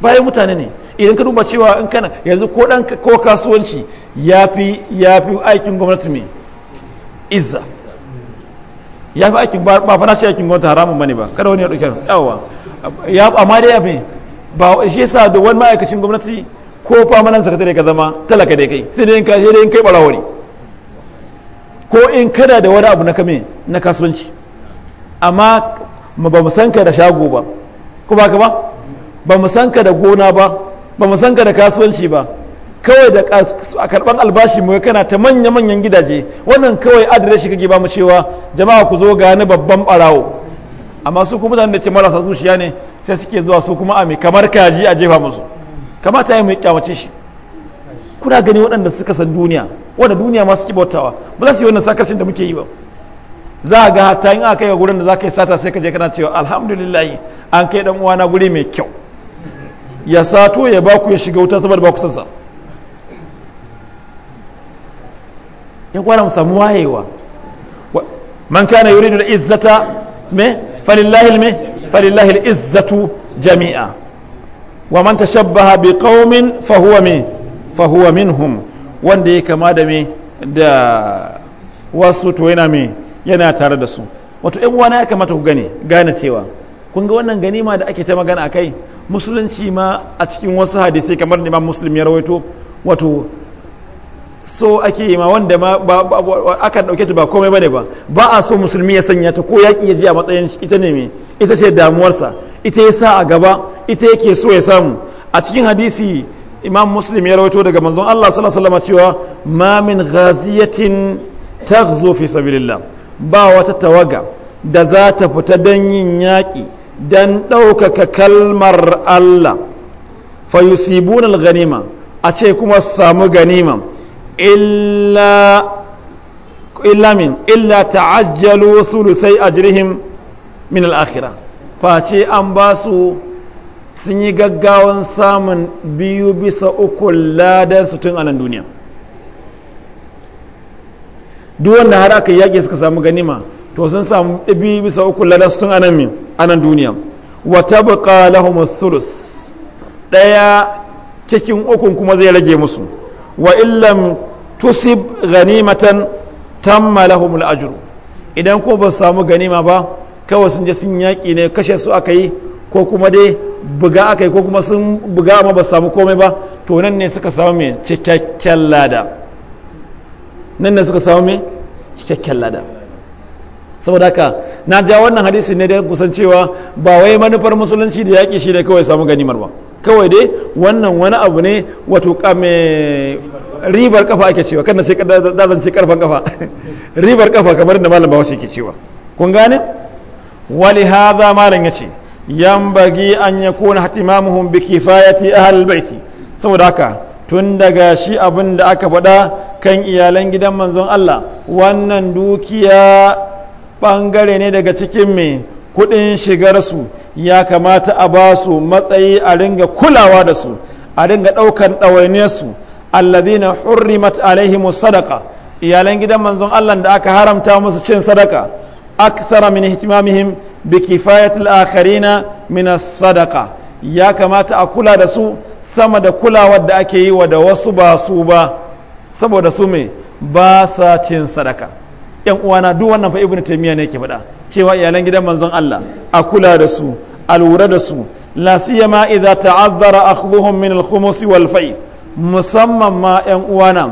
bayan mutane ne idan ka duba cewa in kana yanzu ko dan ko kasuwanci yafi yafi aikin gwamnati me izza ya fi aikin ba fa na ce aikin gwamnati haramun bane ba kada wani ya dauke yawa ya amma dai ya fi ba shi yasa da wani ma'aikacin gwamnati ko famanan sakatare ka zama talaka dai kai sai dai in kai dai in kai barawari ko in kada da wani abu na kame na kasuwanci amma ba mu san ka da shago ba ko ba ka ba ba mu san ka da gona ba ba mu san ka da kasuwanci ba kawai da a karban albashi mu kana ta manya manyan gidaje wannan kawai adireshi kake ba mu cewa jama'a ku zo ga ni babban barawo amma su kuma zan da ce marasa zuciya ne sai suke zuwa su kuma ami kamar kaji a jefa musu kamata ya mu kyamace shi kuna gani waɗanda suka san duniya wanda duniya ma ki bautawa ba za su yi wannan sakarcin da muke yi ba za a ga hata in aka yi gurin da za ka yi sata sai ka je kana cewa alhamdulillahi an kai dan uwana guri mai kyau ya sato ya baku ya shiga wuta saboda ba ku san sa ya kwana mu samu wayewa man kana yuridu al-izzata me falillahi me falillahi al-izzatu jami'a wa man tashabbaha biqaumin fa huwa me fa huwa minhum wanda ya kama da me da wasu to yana me yana tare da su wato ɗan uwana ya kamata ku gane gane cewa kun ga wannan ganima da ake ta magana akai musulunci ma a cikin wasu hadisai kamar neman musulmi ya rawaito wato so ake yi ma wanda ma aka ɗauke ta ba komai bane ba ba a so musulmi ya sanya ta ko yaki ya ji a matsayin ita ne me ita ce damuwarsa ita ya sa a gaba ita yake so ya samu a cikin hadisi imam muslim ya rawaito daga manzon Allah sallallahu alaihi wasallam cewa ma min ghaziyatin taghzu fi sabilillah ba wata tawaga da za ta fita dan yin yaƙi dan ɗaukaka kalmar Allah fa yusibuna al-ghanima a ce kuma samu ganima illa illa min illa ta'ajjalu sulusai ajrihim min al-akhirah face an ba su sun yi gaggawan samun biyu bisa uku ladan su tun anan duniya duk wanda har aka yaƙi suka samu ganima to sun samu biyu bisa uku ladan su tun anan min duniya wa tabqa lahum thuluth ɗaya cikin ukun kuma zai rage musu wa illam tusib ganimatan tamma lahumul ajru idan ko ba samu ganima ba kawai sun je sun yaƙi ne kashe su aka yi ko kuma dai buga aka yi ko kuma sun buga amma ba samu komai ba to nan ne suka samu mai cikakken lada nan ne suka samu mai cikakken lada saboda haka na ja wannan hadisi ne da kusancewa ba wai manufar musulunci da yaƙi shi ne kawai samu ganimar ba kawai dai wannan wani abu ne wato kame ribar kafa ake cewa kan sai dazan sai karfan kafa (laughs) ribar kafa kamar da malam bawashi ke cewa kun gane wali hadha malam yace bagi an yakuna hatimamuhum bi kifayati ahlul baiti saboda haka tun daga shi abin da aka faɗa kan iyalan gidan manzon Allah wannan dukiya bangare ne daga cikin mai kuɗin shigarsu ya kamata a ba su matsayi a ringa kulawa da su a ringa ɗaukan ɗawainiyarsu allazina hurrimat alaihimu sadaka iyalan gidan manzon Allah da aka haramta musu cin sadaka akthara min ihtimamihim bi kifayatil akharina min sadaka ya kamata a kula da su sama da kulawa da ake yi wa da wasu ba su ba saboda su me ba sa cin sadaka yan uwana duk wannan fa ibnu taymiya ne yake faɗa cewa iyalan gidan manzon Allah a kula da su a lura da su la siyama idza ta'azzara akhdhuhum min al-khums wal fai musamman ma yan uwana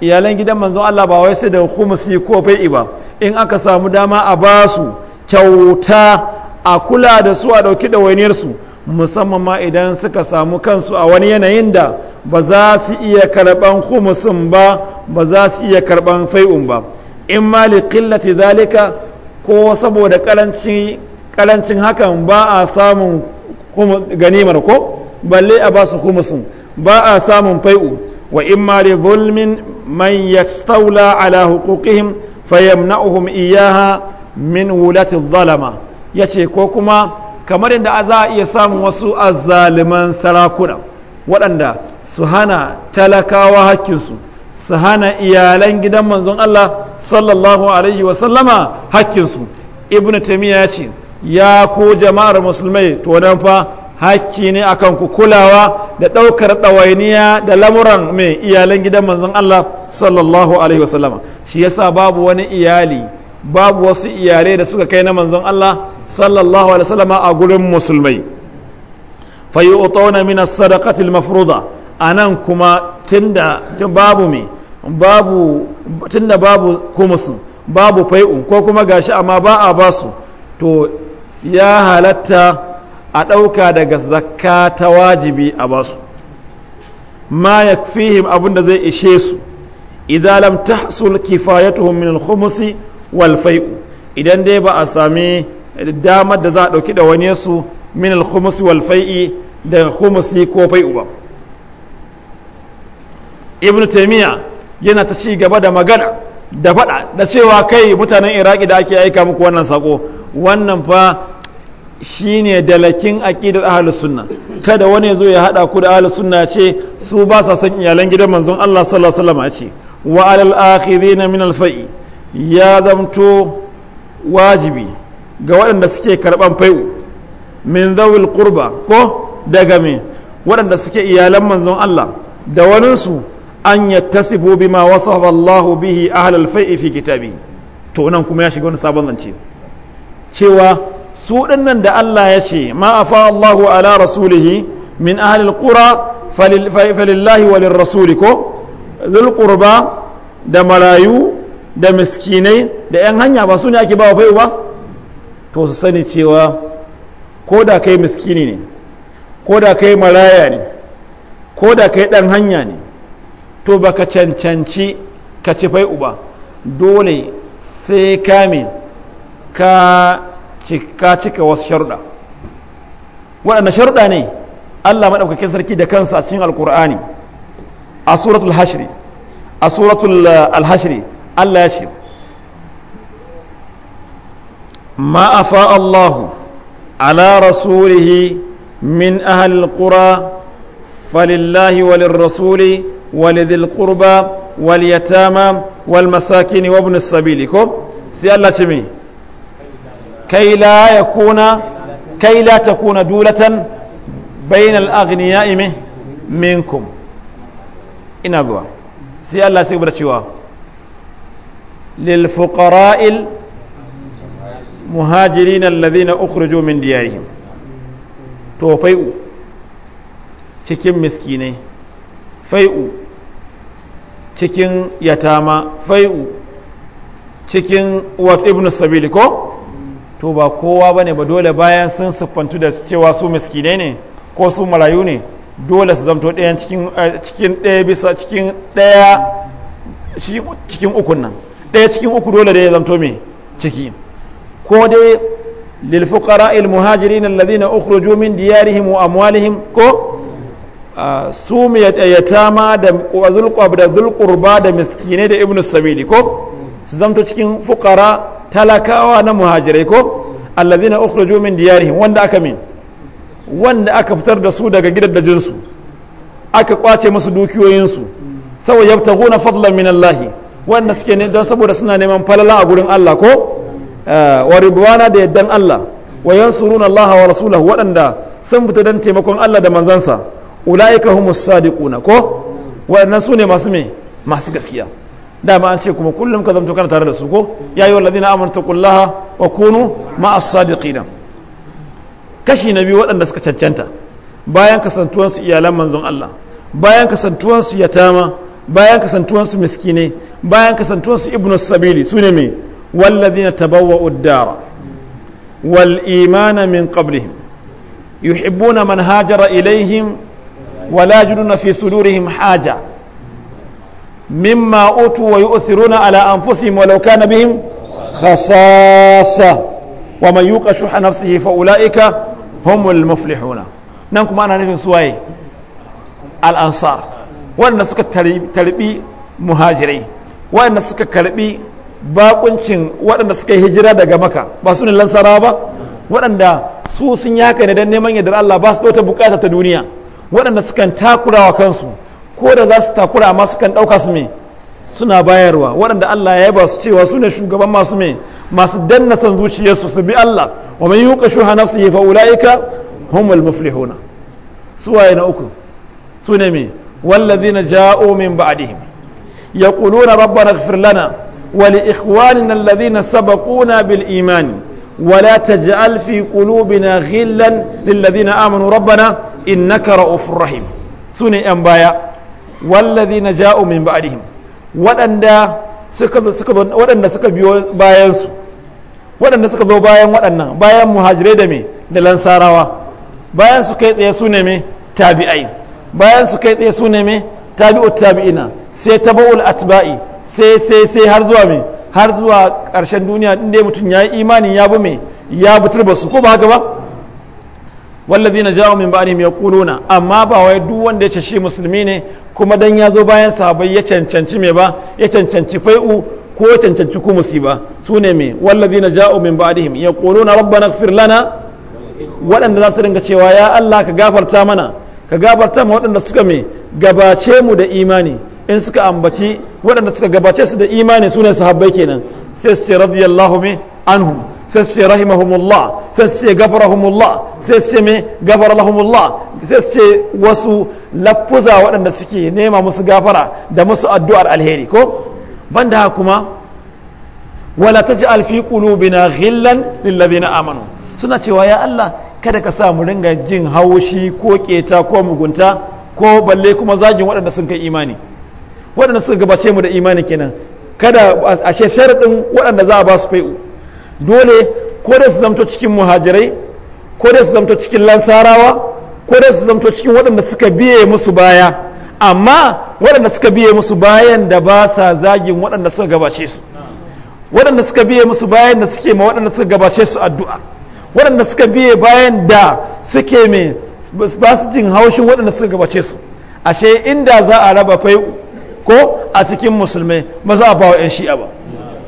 iyalan gidan manzon Allah ba wai sai da kumusi ko fai ba in aka samu dama a ba su kyauta a kula da su a dauki dawainiyar su musamman ma idan suka samu kansu a wani yanayin da ba za su iya karban kumusin ba ba za su iya karban fai'un ba in ma li qillati zalika ko saboda karancin hakan ba a samun ganimar ko balle a ba su humusin ba a samun fai'u wa in li zulmin man staula ala huquqihim fayamna'uhum iyaha min wulati zalama ya ce, ko kuma kamar yadda za a iya samun wasu azzaliman sarakuna waɗanda su hana talakawa hakkinsu su hana iyalan gidan manzon Allah sallallahu alaihi wasallama hakkinsu ibn taimiyya ya ce ya ku jama'ar musulmai to nan fa hakki ne akan ku kulawa da ɗaukar ɗawainiya da lamuran mai iyalan gidan manzon Allah sallallahu alaihi wasallama shi yasa babu wani iyali babu wasu iyalai da suka kai na manzon Allah sallallahu alaihi wasallama a gurin musulmai fayu'tuna min as-sadaqati al-mafruḍa anan kuma tunda babu me babu tun da babu kumusin babu fai'un ko kuma gashi amma ba a basu to ya halatta a ɗauka daga zakka ta wajibi a basu ma ya fihim abinda zai ishe su idan ta sul kifayatuhum min al-khumusi wal fai'u idan dai ba a sami damar da za a ɗauki da wani su min al wal fai'i daga kumusi ko fai'u ba ibn taymiya yana ta ci gaba da magana da faɗa da cewa kai mutanen iraki da ake aika muku wannan sako wannan fa shi ne dalakin aƙidar ahlus sunna kada wani zo ya haɗa ku da ahlus sunna ce su ba sa son iyalan gidan manzon Allah sallallahu alaihi wasallam a ce wa alal min ya zamto wajibi ga waɗanda suke fai'u min zawil qurba ko daga me waɗanda suke iyalan manzon Allah da waninsu an yattasifu bima wasafa Allah bihi ahlal fai'i fi kitabi to nan kuma ya shiga wani sabon zance cewa su dinnan da Allah ya ce ma afa Allah ala rasulihi min ahlil qura falillahi walin rasuli ko zul qurba da marayu da miskinai da yan hanya ba su ne ake ba baiwa to su sani cewa ko da kai miskini ne ko da kai maraya ne ko da kai dan hanya ne to baka cancanci ka ci fai uba dole sai kame ka cika wasu sharuɗa waɗanda sharuɗa ne allah maɗaukakin sarki da kansa a cikin alkur'ani a suratul hashri a suratul eh, alhashri allah ya ce Ma'afa Allahu! Ala rasulihi min من أهل Falillahi فلله وللرسول ولذي القربى واليتامى والمساكين وابن السبيل سي الله شمي كي لا يكون كي لا تكون دولة بين الأغنياء منكم إن أبوا سي الله تكبر شوا للفقراء المهاجرين الذين أخرجوا من ديارهم توفيء cikin miskinai fai'u cikin yatama fai'u cikin wat ibn sabili ko to ba kowa bane ba dole bayan sun siffantu da cewa su miskine ne ko su marayu ne dole su zamto ɗayan cikin eh, ɗaya bisa cikin ɗaya cikin ukun nan ɗaya cikin uku dole da ya zamto mai ciki ko dai lil ilmuhajiri na muhajirin alladhina min diyarihim wa amwalihim ko Ah, su yatama da zulqab da zulqurba da miskinai da ibnu sabili ko su zamto cikin fukara talakawa na muhajirai ko allazina ukhrijoo min diyarihim wanda aka min wanda aka fitar da su daga gidan da jinsu aka kwace musu dukiyoyinsu saboda yabtaguna fadlan min Allah wanda suke ne don saboda suna neman falala a gurin Allah ko ah, wa ridwana da yaddan Allah wa yansuruna Allah wa rasulahu waɗanda sun fita don taimakon Allah da manzansa ulaika humus sadiquna ko Wa su ne masu me masu gaskiya dama an ce kuma kullum ka zamto kana tare da su ko ya yi wallazina amanta kullaha wa kunu ma'as sadiqina kashi na biyu waɗanda suka cancanta bayan kasantuwan su iyalan manzon Allah bayan kasantuwan su yatama bayan kasantuwan su miskine bayan kasantuwan su ibnu sabili su ne me wallazina tabawwa'u ad-dara wal imana min qablihim yuhibbuna man hajara ilaihim ولا يجدون في صدورهم حاجة مما أوتوا ويؤثرون على أنفسهم ولو كان بهم خصاصة ومن يوق شح نفسه فأولئك هم المفلحون نانكم أنا نفهم سواي الأنصار وأن سكة تربي مهاجرين وأن سكة كربي bakuncin waɗanda suka yi hijira daga maka ba su ne lansara ba waɗanda su sun yaka ne don neman yadda Allah ba su da wata bukata ta duniya waɗanda sukan takura wa kansu ko da za su takura amma sukan ɗauka su mai, suna bayarwa waɗanda Allah ya ba su cewa su ne shugaban masu mai, masu danna san zuciyarsu su bi Allah wa man yuqa shuha nafsihi fa ulaika humul muflihuna waye na uku su ne me والذين جاءوا من بعدهم يقولون ikwani اغفر لنا ولإخواننا الذين bil imani. ولا تجعل في قلوبنا غلا للذين آمنوا ربنا إنك رؤوف رحيم سوني أنبايا والذين جاءوا من بعدهم waɗanda suka zo bayan waɗannan bayan muhajirai da me da lansarawa bayan su kai tsaye su me tabi'ai bayan su kai tsaye su me tabi'ut tabi'ina sai taba'ul atba'i sai sai sai har zuwa me har zuwa ƙarshen duniya inda mutum ya yi imanin ya bi mai ya butar ba su ko ba haka ba wallazi na jawo min ba'ani ya kuluna amma ba wai duk wanda ya ce shi musulmi ne kuma dan ya zo bayan sabai ya cancanci mai ba ya cancanci fai'u ko ya cancanci ku ba su ne mai wallazi na jawo min ba'dihim ya kuluna rabbana na lana waɗanda za su dinga cewa ya Allah ka gafarta mana ka gafarta ma waɗanda suka mai gabace mu da imani in suka ambaci waɗanda suka gabace su da imani suna sahabbai kenan sai su ce radiyallahu min anhum sai su ce rahimahumullah sai su ce gafarahumullah sai su ce me gafaralahumullah sai su ce wasu lafuza waɗanda suke nema musu gafara da musu addu'ar alheri ko ban da kuma wala taj'al fi qulubina ghillan lil na amanu suna cewa ya Allah kada ka sa mu ringa jin haushi ko keta ko mugunta ko balle kuma zagin waɗanda sun kai imani waɗanda suka gabace mu da imani kenan kada ashe sharaɗin waɗanda za a ba su fai'u dole ko da su zamto cikin muhajirai ko da su zamto cikin lansarawa ko da su zamto cikin waɗanda suka biye musu baya amma waɗanda suka biye musu bayan da ba sa zagin waɗanda suka gabace su waɗanda suka biye musu bayan da suke ma waɗanda suka gabace su addu'a waɗanda suka biye bayan da suke mai ba su jin haushin waɗanda suka gabace su ashe inda za a raba fai'u ko a cikin musulmai ba za a bawa 'yan shi'a ba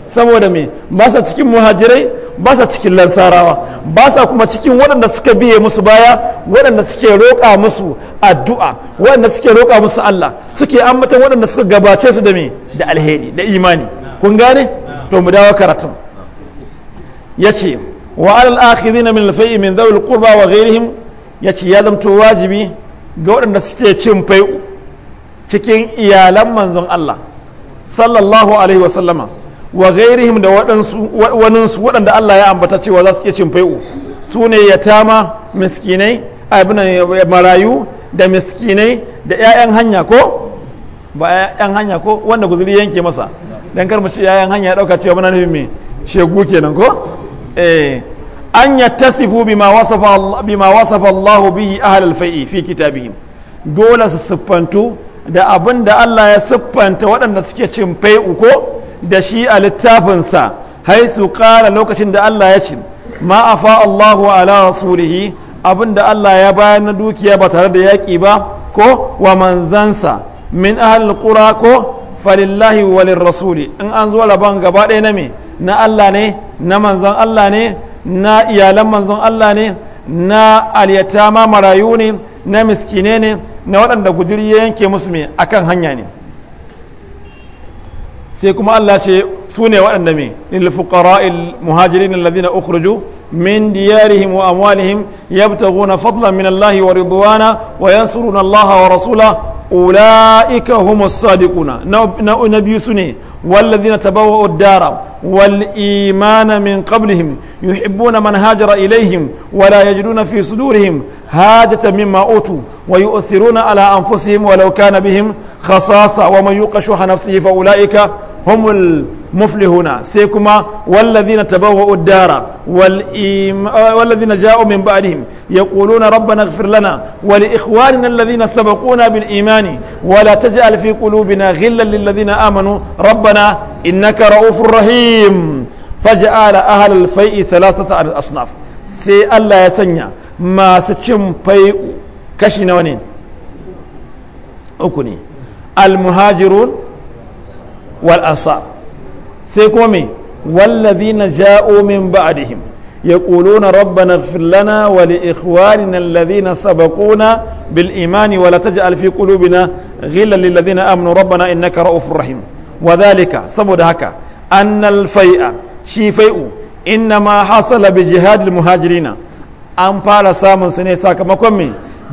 saboda me ba sa cikin muhajirai ba sa cikin lansarawa ba sa kuma cikin waɗanda suka biye musu baya waɗanda suke roƙa musu addu'a waɗanda suke roƙa musu Allah suke ambatan waɗanda suka gabace su da me da alheri da imani kun gane to mu dawo karatun yace wa alal na min al min dhawil qurba wa ghayrihim yace ya zamto wajibi ga waɗanda suke cin fai'u cikin iyalan manzon Allah sallallahu alaihi wa sallama wa ghairihim da waɗansu waɗanda Allah ya ambata cewa za su iya cin fai'u su ne yatama miskinai abin marayu da miskinai da 'ya'yan hanya ko ba 'ya'yan hanya ko wanda guzuri yanke masa dan kar mu ci 'ya'yan hanya ya dauka cewa muna nufin me shegu kenan ko eh an yattasifu bima wasafa bima wasafa Allah bihi ahlul fai'i fi kitabihim dole su siffantu da abin da Allah ya siffanta waɗanda suke cin uko da shi a littafinsa haitu ƙara lokacin da Allah ya ci. ma afa Allahu ala rasulihi abin da Allah ya bayar na dukiya ba tare da yaƙi ba ko wa manzansa min ahal ƙura ko falillahi walin rasuli in an zo rabon gaba ɗaya na me na Allah ne na manzon Allah ne na iyalan manzon Allah ne na ma marayu ne na miskine ne na waɗanda guduri ya yanke musu mai akan hanya ne sai kuma Allah ce su ne waɗanda mai lil fuqara'il muhajirin alladhina ukhriju min diyarihim wa amwalihim yabtaghuna fadlan min allahi wa ridwana wa yansuruna Allah wa rasula ulaika humus sadiquna na biyu su ne والذين تبوأوا الدار والإيمان من قبلهم يحبون من هاجر إليهم ولا يجدون في صدورهم هاجة مما أوتوا ويؤثرون على أنفسهم ولو كان بهم خصاصة ومن يوق شح نفسه فأولئك هم المفلحون سيكما والذين تبوأوا الدار والإيم... والذين جاءوا من بعدهم يقولون ربنا اغفر لنا ولإخواننا الذين سبقونا بالإيمان ولا تجعل في قلوبنا غلا للذين آمنوا ربنا إنك رؤوف رحيم فجعل أهل الفيء ثلاثة على الأصناف سي الله يسنيا ما سچم فيء كشنا ونين أكني المهاجرون والأنصار سيكومي والذين جاءوا من بعدهم يقولون ربنا اغفر لنا ولإخواننا الذين سبقونا بالإيمان ولا تجعل في قلوبنا غلا للذين آمنوا ربنا إنك رؤوف رحيم وذلك سبب هكا أن الفيء شي فيء إنما حصل بجهاد المهاجرين أم قال سامن سنة ساكمكم من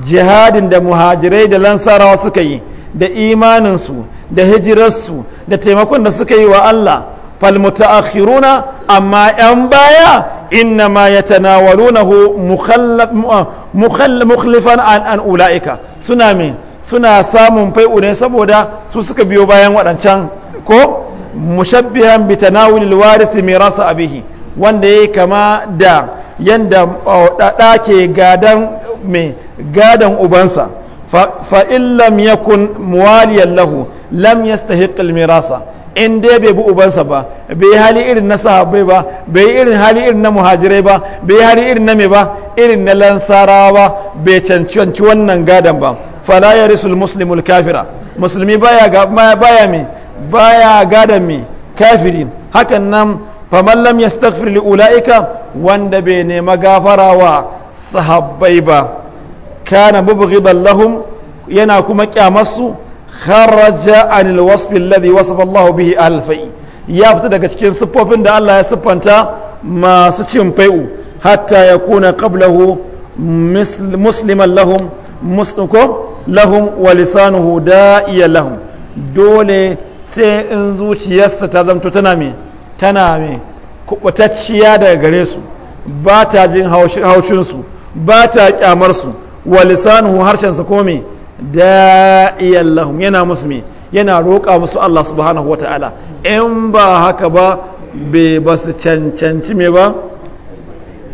jihadin da muhajirai da lansarawa suka yi da imaninsu da hijirarsu da taimakon da suka yi wa Allah فالمتأخرون أما أنبايا إنما يتناولونه مخلف مخلفا عن أن أولئك سنامي suna samun fai'u ne saboda su suka biyo bayan waɗancan ko mushabbihan bi tanawulil warisi mirasa a bihi. wanda yayi kama da yanda ɗaɗa ke gadan mai ubansa fa in lam yakun muwaliyan lahu lam yastahiq al mirasa in dai bai bi ubansa ba bai yi hali irin na sahabbai ba bai yi irin hali irin na muhajirai ba bai yi hali irin na me ba irin na lansarawa ba bai cancanci wannan gadon ba fala ya risul muslimul kafira musulmi baya baya baya gadon me kafiri hakan nan faman lam yastaghfir li ulaika wanda bai nema gafara wa sahabbai ba kana mubghidan lahum yana kuma kyamarsu haraja anil wasfi alladhi wasafa Allah bihi alfai ya fita daga cikin siffofin da Allah ya siffanta masu cin fai'u hatta ya kuna qablahu musliman lahum musnuko lahum wa lisanuhu da'iya lahum dole sai in zuciyarsa ta zamto tana me tana me daga gare su ba ta jin haushinsu ba ta kyamarsu wa lisanuhu harshensa ko me da'iyan lahum yana musu me yana roƙa musu Allah subhanahu wa ta'ala in ba haka ba bai ba su cancanci me ba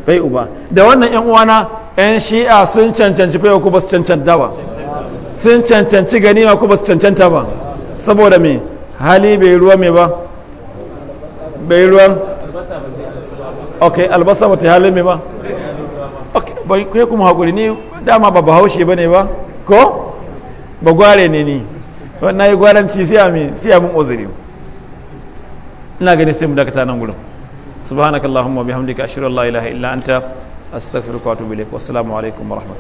bai uba da wannan yan uwana yan shi'a sun cancanci bai ko ba su cancanta ba sun cancanci ma ko ba su cancanta ba saboda me hali bai ruwa me ba bai ruwa ok albasa ba ta halin me ba ok bai kuma haƙuri ni dama ba bahaushe ba ne ba ko ba gware ne ni wannan yi gwaranci siya min siya min uzuri ina gani sai mu dakata nan gurin subhanakallahumma bihamdika ashhadu an la ilaha illa anta astaghfiruka wa atubu ilaik assalamu alaikum wa